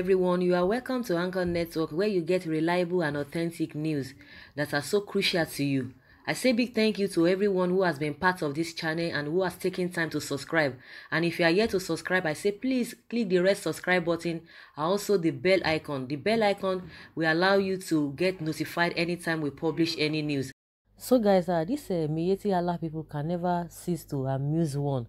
everyone. You are welcome to Anchor Network, where you get reliable and authentic news that are so crucial to you. I say big thank you to everyone who has been part of this channel and who has taken time to subscribe. And if you are yet to subscribe, I say please click the red subscribe button and also the bell icon. The bell icon will allow you to get notified anytime we publish any news. So guys, uh, this uh, Miyetti Allah people can never cease to amuse one.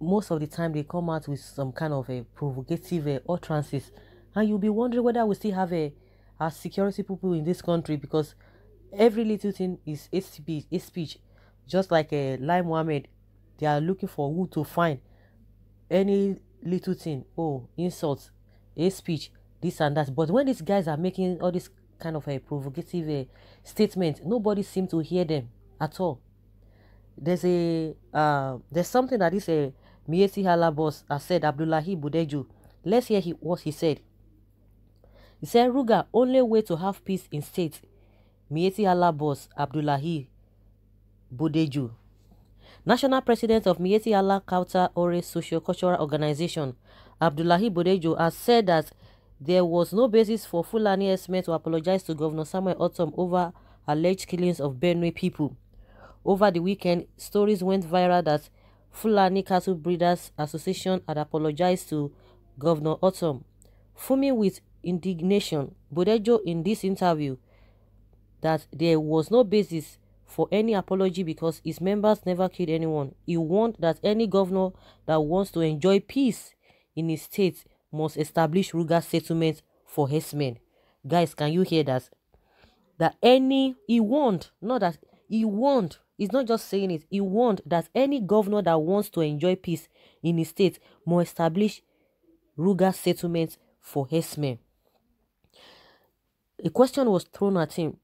most of the time they come out with some kind of a provocative uh, utterances and you'll be wondering whether we still have a uh, a security people in this country because every little thing is a speech, a speech. just like a uh, Lai Mohammed they are looking for who to find any little thing oh insults a speech this and that but when these guys are making all this kind of a provocative uh, statement nobody seems to hear them at all there's a uh, there's something that is a Miesi boss, has said Abdullahi Budeju. Let's hear he, what he said. He said, Ruga, only way to have peace in state. Mieti boss Abdullahi Budeju. National President of Miesi Allah Kauta Ore Sociocultural Organization, Abdullahi Budeju, has said that there was no basis for Fulani Esme to apologize to Governor Samuel Otom over alleged killings of Benue people. Over the weekend, stories went viral that Fulani Cattle Breeders Association had apologized to Governor Autumn. Fuming with indignation, Bodejo in this interview that there was no basis for any apology because his members never killed anyone. He warned that any governor that wants to enjoy peace in his state must establish rural settlements for his men. Guys, can you hear that? That any he warned, not that he warned He's not just saying it. He warned that any governor that wants to enjoy peace in his state must establish Ruga settlements for Hesme. A question was thrown at him.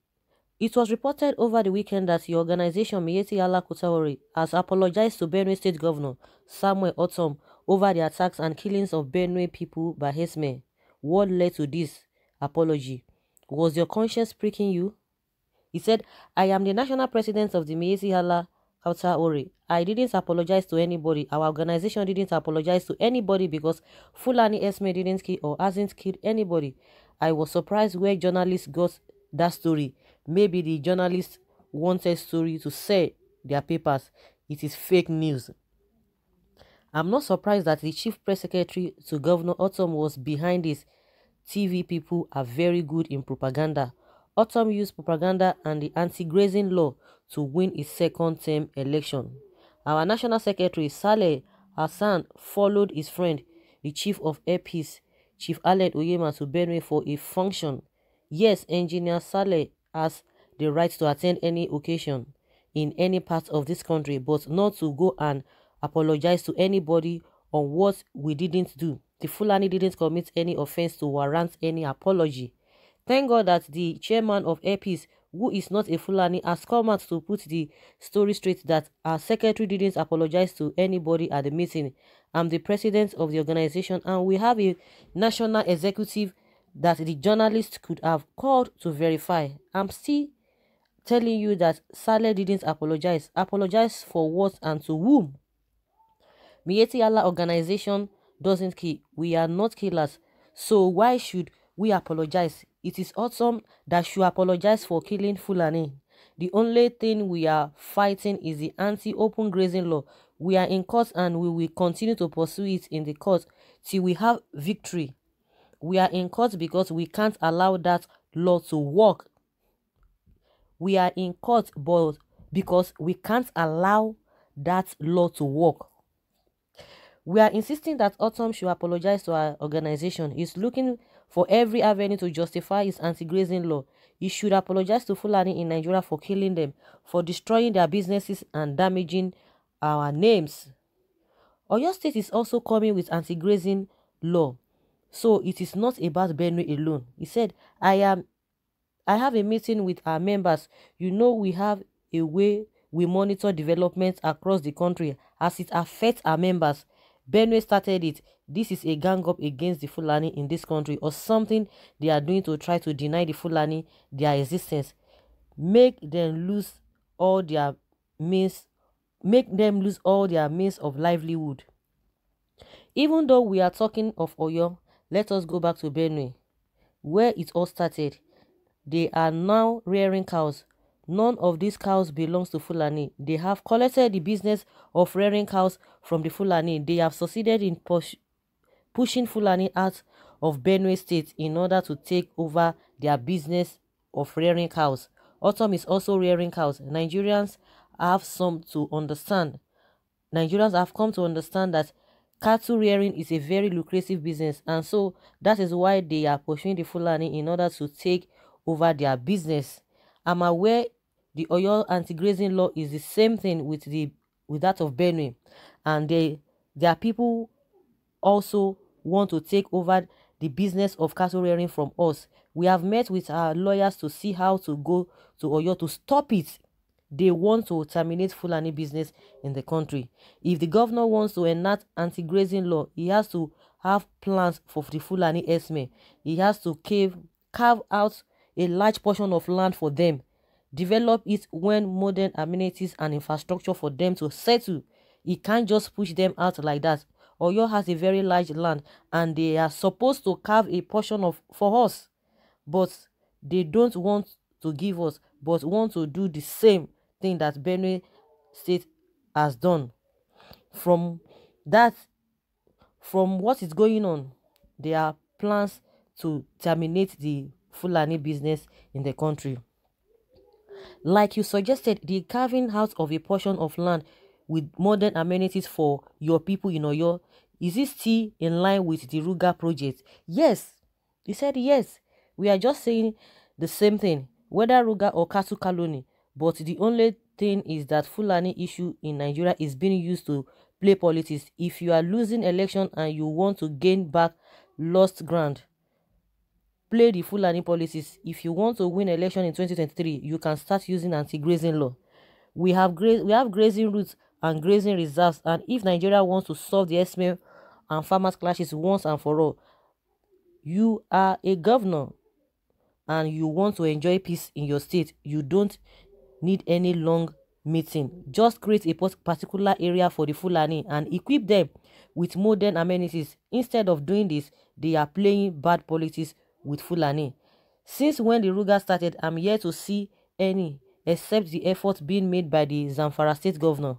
It was reported over the weekend that the organization Mieti Ala Kutawari has apologized to Benue State Governor Samuel Otom over the attacks and killings of Benue people by Hesme. What led to this apology? Was your conscience pricking you? He said, I am the national president of the Meisi Hala Kauta Ori. I didn't apologize to anybody. Our organization didn't apologize to anybody because Fulani Esme didn't kill or hasn't killed anybody. I was surprised where journalists got that story. Maybe the journalists wanted story to sell their papers. It is fake news. I'm not surprised that the chief press secretary to Governor Autumn was behind this. TV people are very good in propaganda. Autumn used propaganda and the anti-grazing law to win his second-term election. Our National Secretary Saleh Hassan followed his friend, the Chief of Air Peace, Chief Aled Uyema to Benue for a function. Yes, Engineer Saleh has the right to attend any occasion in any part of this country, but not to go and apologize to anybody on what we didn't do. The Fulani didn't commit any offense to warrant any apology. Thank God that the chairman of APs, who is not a Fulani, has come out to put the story straight that our secretary didn't apologize to anybody at the meeting. I'm the president of the organization and we have a national executive that the journalist could have called to verify. I'm still telling you that Saleh didn't apologize. Apologize for what and to whom? Mieti Allah organization doesn't kill. We are not killers. So why should we apologize? It is awesome that she apologized for killing Fulani. The only thing we are fighting is the anti-open grazing law. We are in court and we will continue to pursue it in the court till we have victory. We are in court because we can't allow that law to work. We are in court but because we can't allow that law to work. We are insisting that Autumn should apologize to our organization. He's looking for every avenue to justify his anti-grazing law. He should apologize to Fulani in Nigeria for killing them, for destroying their businesses and damaging our names. Oyo State is also coming with anti-grazing law. So it is not about Benue alone. He said, I am I have a meeting with our members. You know we have a way we monitor developments across the country as it affects our members. Benue started it. This is a gang up against the Fulani in this country or something they are doing to try to deny the Fulani their existence. Make them lose all their means, make them lose all their means of livelihood. Even though we are talking of Oyo, let us go back to Benue, where it all started. They are now rearing cows None of these cows belongs to Fulani. They have collected the business of rearing cows from the Fulani. They have succeeded in push pushing Fulani out of Benue State in order to take over their business of rearing cows. Autumn is also rearing cows. Nigerians have some to understand. Nigerians have come to understand that cattle rearing is a very lucrative business and so that is why they are pursuing the Fulani in order to take over their business. I'm aware the Oyo anti-grazing law is the same thing with the with that of Benue, and they their people also want to take over the business of cattle rearing from us. We have met with our lawyers to see how to go to Oyo to stop it. They want to terminate Fulani business in the country. If the governor wants to enact anti-grazing law, he has to have plans for the Fulani Esme. He has to cave, carve out a large portion of land for them develop it when modern amenities and infrastructure for them to settle. It can't just push them out like that. Oyo has a very large land and they are supposed to carve a portion of for us. But they don't want to give us, but want to do the same thing that Benue State has done. From that, from what is going on, there are plans to terminate the Fulani business in the country. Like you suggested, the carving out of a portion of land with modern amenities for your people in Oyo, is it still in line with the Ruga project? Yes. He said yes. We are just saying the same thing, whether Ruga or Kasukaloni. Kaloni. But the only thing is that Fulani issue in Nigeria is being used to play politics. If you are losing election and you want to gain back lost ground, play the Fulani policies. If you want to win election in 2023, you can start using anti-grazing law. We have gra- we have grazing routes and grazing reserves, and if Nigeria wants to solve the SML and farmers clashes once and for all, you are a governor and you want to enjoy peace in your state, you don't need any long meeting. Just create a particular area for the Fulani and equip them with modern amenities. Instead of doing this, they are playing bad politics with Fulani. Since when the Ruga started, I'm yet to see any, except the effort being made by the Zamfara state governor.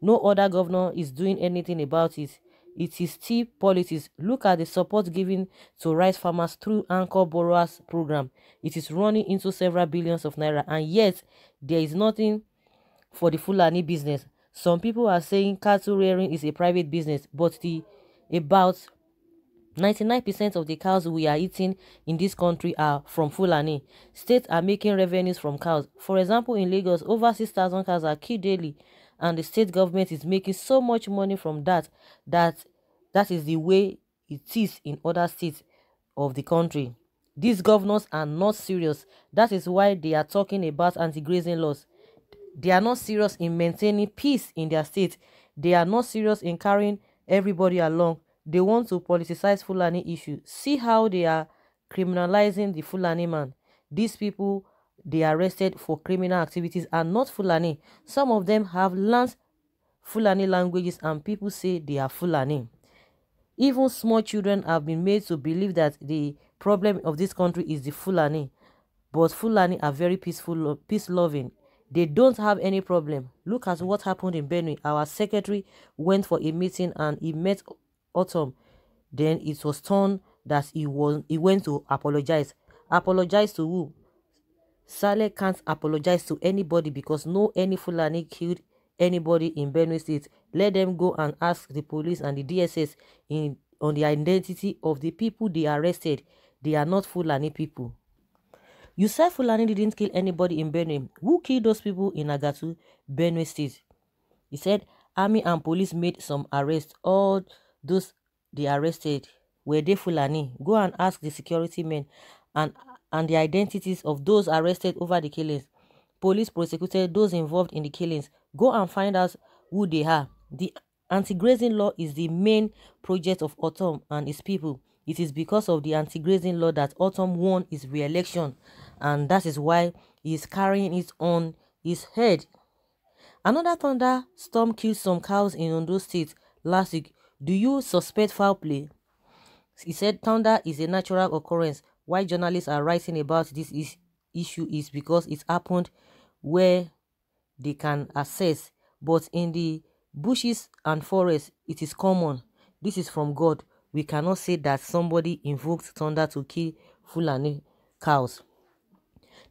No other governor is doing anything about it. It is cheap politics. Look at the support given to rice farmers through Anchor Borrowers Program. It is running into several billions of naira, and yet there is nothing for the Fulani business. Some people are saying cattle rearing is a private business, but the about 99% of the cows we are eating in this country are from Fulani. States are making revenues from cows. For example, in Lagos, over 6,000 cows are killed daily and the state government is making so much money from that that that is the way it is in other states of the country. These governors are not serious. That is why they are talking about anti-grazing laws. They are not serious in maintaining peace in their state. They are not serious in carrying everybody along they want to politicize Fulani issue. See how they are criminalizing the Fulani man. These people they arrested for criminal activities are not Fulani. Some of them have learned Fulani languages and people say they are Fulani. Even small children have been made to believe that the problem of this country is the Fulani. But Fulani are very peaceful, peace-loving. They don't have any problem. Look at what happened in Benue. Our secretary went for a meeting and he met autumn. Then it was turned that he, was, he went to apologize. Apologize to who? Saleh can't apologize to anybody because no any Fulani killed anybody in Benue State. Let them go and ask the police and the DSS in, on the identity of the people they arrested. They are not Fulani people. You said Fulani didn't kill anybody in Benue. Who killed those people in Agatu, Benue State? He said army and police made some arrests. All those they arrested were they Fulani. Go and ask the security men and and the identities of those arrested over the killings. Police prosecuted those involved in the killings. Go and find out who they are. The anti-grazing law is the main project of Autumn and its people. It is because of the anti-grazing law that Autumn won his re-election, and that is why he is carrying it on his head. Another thunderstorm killed some cows in Ondo State last week, do you suspect foul play? He said thunder is a natural occurrence. Why journalists are writing about this is issue is because it happened where they can assess, but in the bushes and forests, it is common. This is from God. We cannot say that somebody invoked thunder to kill Fulani cows.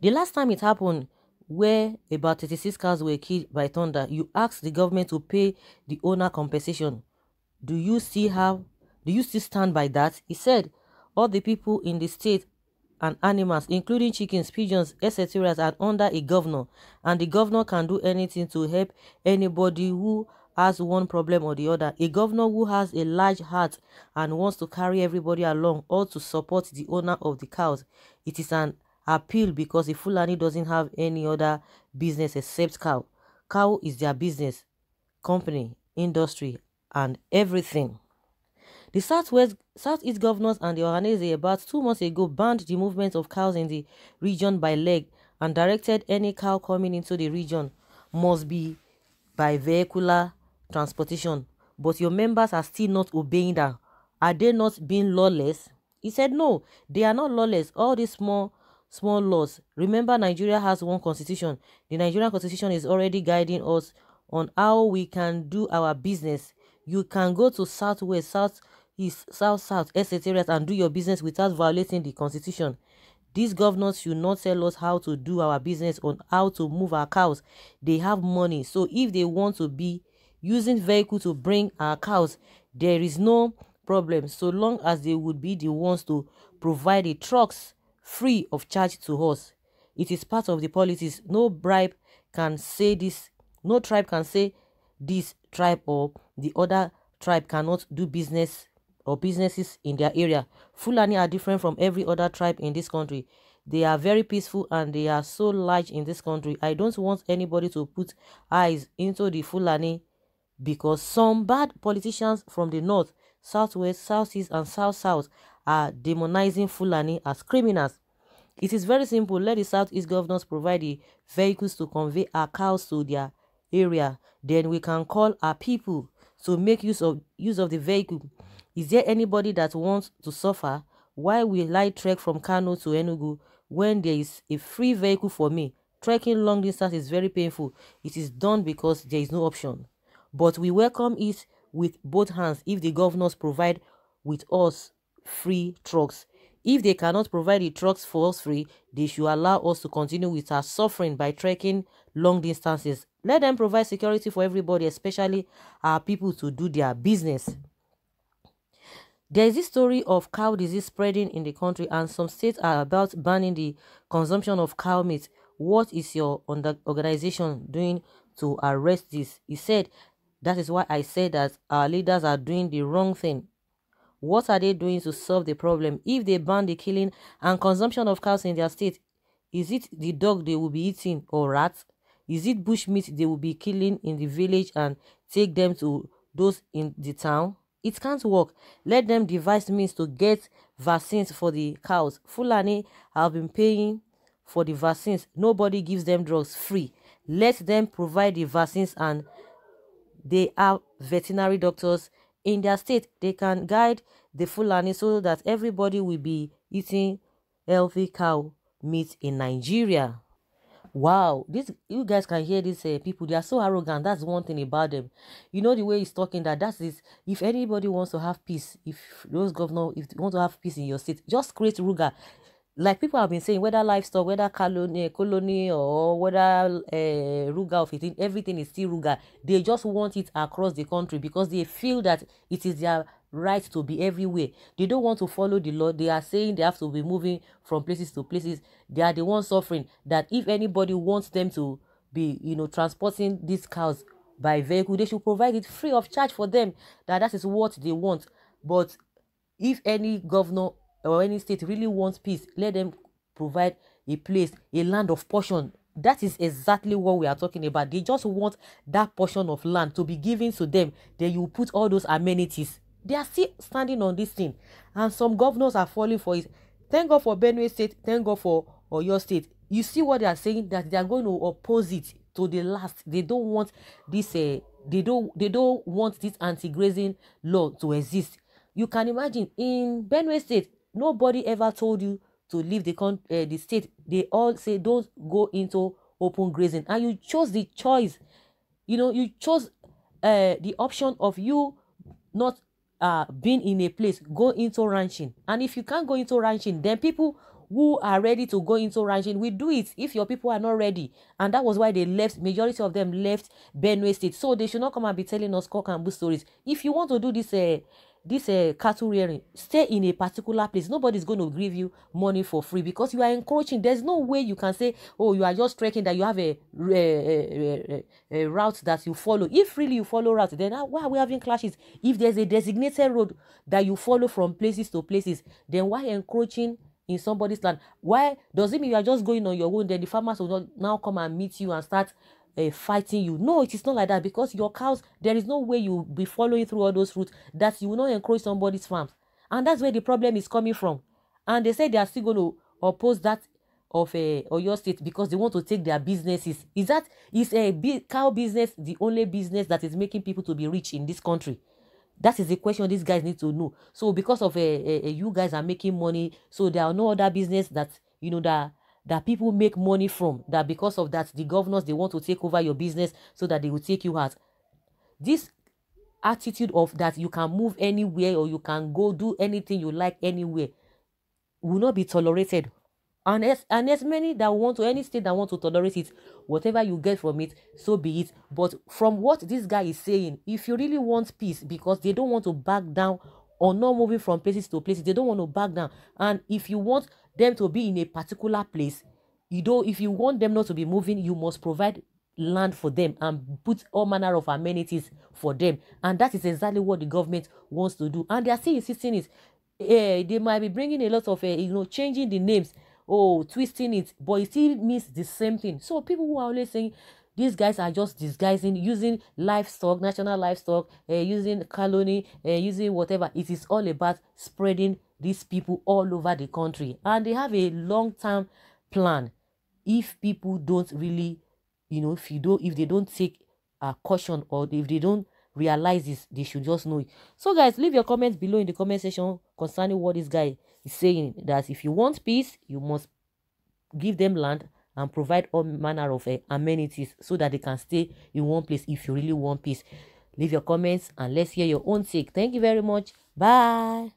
The last time it happened, where about 36 cows were killed by thunder, you asked the government to pay the owner compensation. Do you see how? Do you still stand by that? He said, all the people in the state and animals, including chickens, pigeons, etc., are under a governor, and the governor can do anything to help anybody who has one problem or the other. A governor who has a large heart and wants to carry everybody along or to support the owner of the cows. It is an appeal because the Fulani doesn't have any other business except cow. Cow is their business, company, industry, and everything. The Southwest, Southeast governors and the Oranese about two months ago banned the movement of cows in the region by leg and directed any cow coming into the region must be by vehicular transportation. But your members are still not obeying that. Are they not being lawless? He said, no, they are not lawless. All these small, small laws. Remember, Nigeria has one constitution. The Nigerian constitution is already guiding us on how we can do our business you can go to southwest south east south south etc and do your business without violating the constitution these governors should not tell us how to do our business on how to move our cows they have money so if they want to be using vehicle to bring our cows there is no problem so long as they would be the ones to provide the trucks free of charge to us it is part of the politics no bribe can say this no tribe can say this tribe or the other tribe cannot do business or businesses in their area. Fulani are different from every other tribe in this country. They are very peaceful and they are so large in this country. I don't want anybody to put eyes into the Fulani because some bad politicians from the north, southwest, southeast, and south south are demonizing Fulani as criminals. It is very simple. Let the southeast governors provide the vehicles to convey our cows to their area. Then we can call our people to make use of use of the vehicle. Is there anybody that wants to suffer? Why will I trek from Kano to Enugu when there is a free vehicle for me? Trekking long distance is very painful. It is done because there is no option. But we welcome it with both hands if the governors provide with us free trucks. If they cannot provide the trucks for us free, they should allow us to continue with our suffering by trekking long distances let them provide security for everybody, especially our uh, people to do their business. There is this story of cow disease spreading in the country and some states are about banning the consumption of cow meat. What is your organization doing to arrest this? He said, that is why I say that our leaders are doing the wrong thing. What are they doing to solve the problem? If they ban the killing and consumption of cows in their state, is it the dog they will be eating or rats? Is it bushmeat they will be killing in the village and take them to those in the town? It can't work. Let them devise means to get vaccines for the cows. Fulani have been paying for the vaccines. Nobody gives them drugs free. Let them provide the vaccines and they are veterinary doctors in their state. They can guide the Fulani so that everybody will be eating healthy cow meat in Nigeria wow this you guys can hear these uh, people they are so arrogant that's one thing about them you know the way he's talking that that is if anybody wants to have peace if those governor if you want to have peace in your state just create ruga like people have been saying whether livestock whether colony colony or whether uh, ruga of it everything is still ruga they just want it across the country because they feel that it is their right to be everywhere. They don't want to follow the law. They are saying they have to be moving from places to places. They are the ones suffering that if anybody wants them to be, you know, transporting these cows by vehicle, they should provide it free of charge for them. That that is what they want. But if any governor or any state really wants peace, let them provide a place, a land of portion that is exactly what we are talking about they just want that portion of land to be given to them then you put all those amenities they are still standing on this thing and some governors are falling for it thank god for benue state thank god for oyo state you see what they are saying that they are going to oppose it to the last they don't want this uh, they don't they don't want this anti-grazing law to exist you can imagine in benue state nobody ever told you to leave the con uh, eh, the state they all say don't go into open grazing and you chose the choice you know you chose uh, the option of you not uh, being in a place, go into ranching. And if you can't go into ranching, then people who are ready to go into ranching will do it if your people are not ready. And that was why they left, majority of them left Benue State. So they should not come and be telling us cock and bush stories. If you want to do this uh, this uh, cattle rearing stay in a particular place nobody is going to give you money for free because you are encroaching there is no way you can say oh you are just trekking that you have a, a, a, a, a route that you follow if really you follow route then why are we having clashes if there is a designated road that you follow from places to places then why encroaching in somebody's land why does it mean you are just going on your own then the farmers will not now come and meet you and start uh, fighting you. No, it is not like that because your cows, there is no way you will be following through all those routes that you will not encroach somebody's farms. And that's where the problem is coming from. And they say they are still going to oppose that of uh, or your state because they want to take their businesses. Is that is a cow business the only business that is making people to be rich in this country? That is the question these guys need to know. So because of uh, uh, uh you guys are making money, so there are no other business that you know that that people make money from that because of that the governors they want to take over your business so that they will take you out this attitude of that you can move anywhere or you can go do anything you like anywhere will not be tolerated and as, and as many that want to any state that want to tolerate it whatever you get from it so be it but from what this guy is saying if you really want peace because they don't want to back down or not moving from places to places they don't want to back down and if you want them to be in a particular place, you know, if you want them not to be moving, you must provide land for them and put all manner of amenities for them. And that is exactly what the government wants to do. And they are still insisting it. Uh, they might be bringing a lot of, uh, you know, changing the names oh twisting it but it still means the same thing so people who are always saying these guys are just disguising using livestock national livestock uh, using colony uh, using whatever it is all about spreading these people all over the country and they have a long term plan if people don't really you know if you don't if they don't take a caution or if they don't realize this they should just know it so guys leave your comments below in the comment section concerning what this guy is saying that if you want peace you must give them land and provide all manner of uh, amenities so that they can stay in one place if you really want peace leave your comments and let's hear your own take thank you very much bye